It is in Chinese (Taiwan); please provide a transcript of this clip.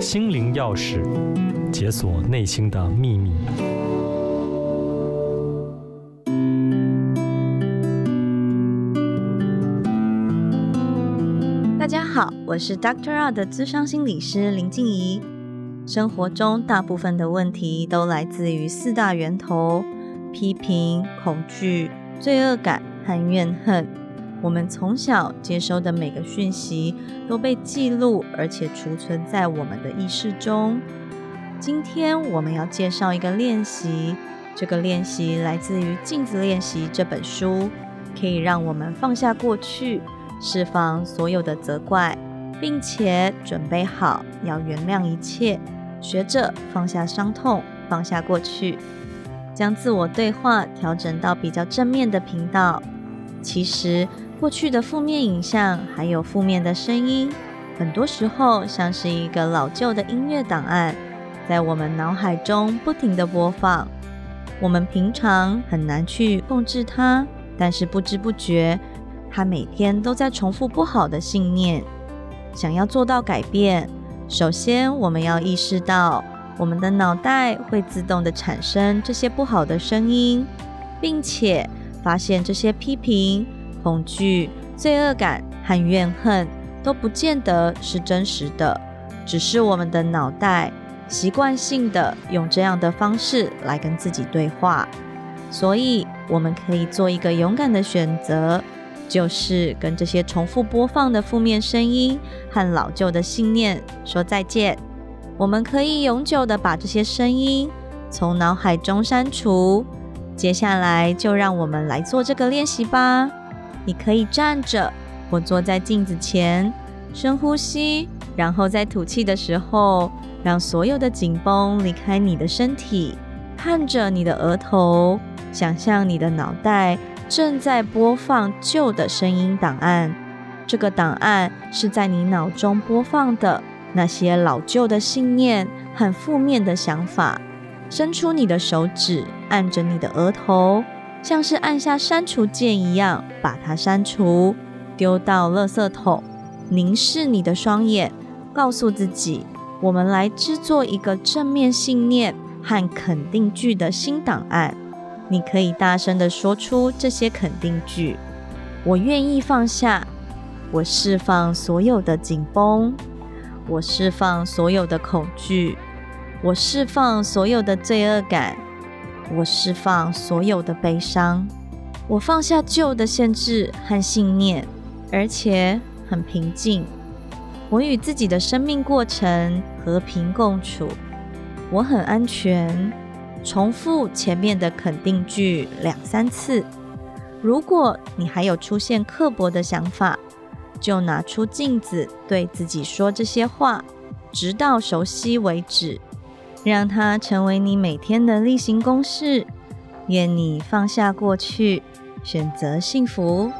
心靈鑰匙，解鎖內心的祕密。大家好，我是 Doctor R 的諮商心理師林靜怡。生活中大部分的問題都來自於四大源頭：批評、恐懼、罪惡感和怨恨。我們從小接收的每個訊息都被記錄，而且儲存在我們的意識中。今天我們要介紹一個練習，這個練習來自於《鏡子練習》這本書，可以讓我們放下過去，釋放所有的責怪，並且準備好要原諒一切，學着放下傷痛，放下過去，將自我對話調整到比較正面的頻道。其實，過去的負面影像，還有負面的聲音，很多時候像是一個老舊的音樂檔案，在我們腦海中不停地播放。我們平常很難去控制它，但是不知不覺，它每天都在重複不好的信念。想要做到改變，首先我們要意識到，我們的腦袋會自動地產生這些不好的聲音，並且發現這些批評。恐懼、罪惡感和怨恨都不見得是真實的，只是我們的腦袋習慣性的用這樣的方式來跟自己對話。所以，我們可以做一個勇敢的選擇，就是跟這些重複播放的負面聲音和老舊的信念說再見。我們可以永久的把這些聲音從腦海中刪除。接下來，就讓我們來做這個練習吧。你可以站着，或坐在鏡子前，深呼吸，然後在吐氣的時候，讓所有的緊繃離開你的身體。看着你的額頭，想象你的腦袋正在播放舊的聲音檔案。這個檔案是在你腦中播放的那些老舊的信念、很負面的想法。伸出你的手指，按着你的額頭。像是按下刪除鍵一樣，把它刪除，丟到垃圾桶。凝視你的雙眼，告訴自己：我們來製作一個正面信念和肯定句的新檔案。你可以大聲地說出這些肯定句：我願意放下，我釋放所有的緊繃，我釋放所有的恐懼，我釋放所有的罪惡感。我釋放所有的悲傷，我放下舊的限制和信念，而且很平靜。我與自己的生命過程和平共處，我很安全。重複前面的肯定句兩三次。如果你還有出現刻薄的想法，就拿出鏡子對自己說這些話，直到熟悉為止。讓它成為你每天的例行公事。願你放下過去，選擇幸福。